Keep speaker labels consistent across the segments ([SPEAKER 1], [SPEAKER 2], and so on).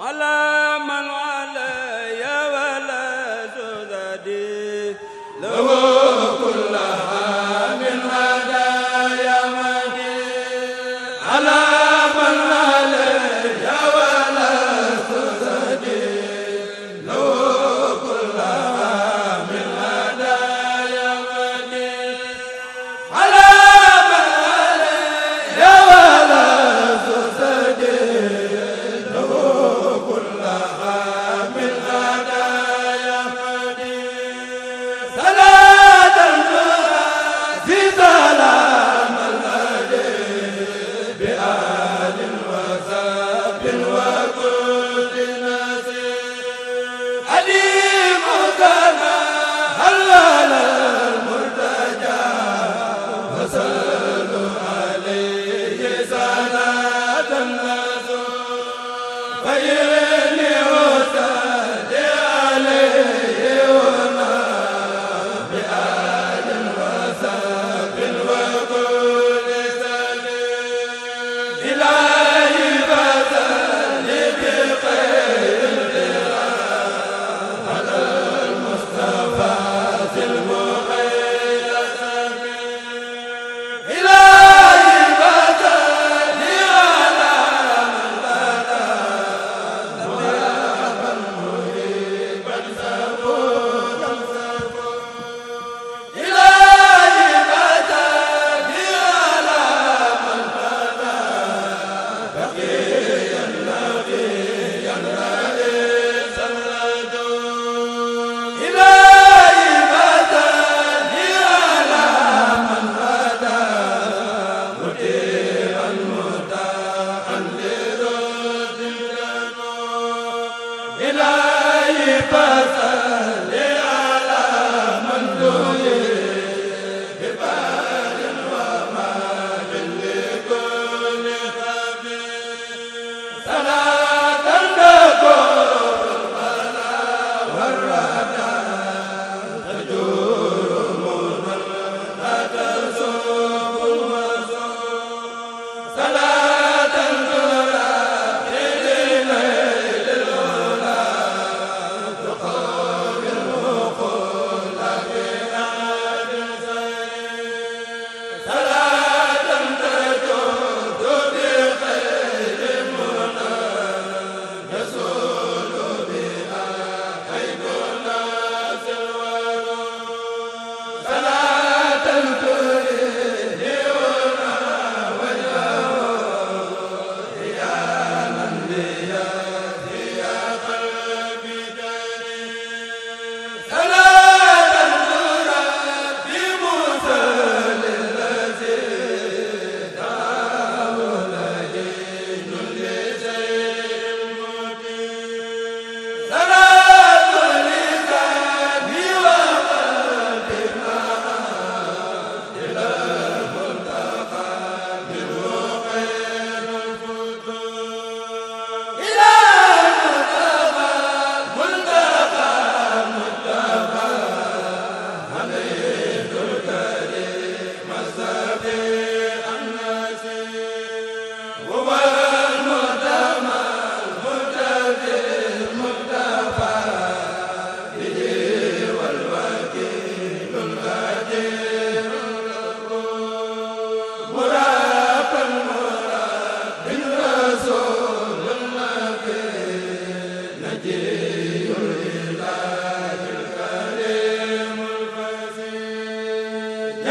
[SPEAKER 1] ala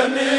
[SPEAKER 1] amiin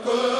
[SPEAKER 1] ko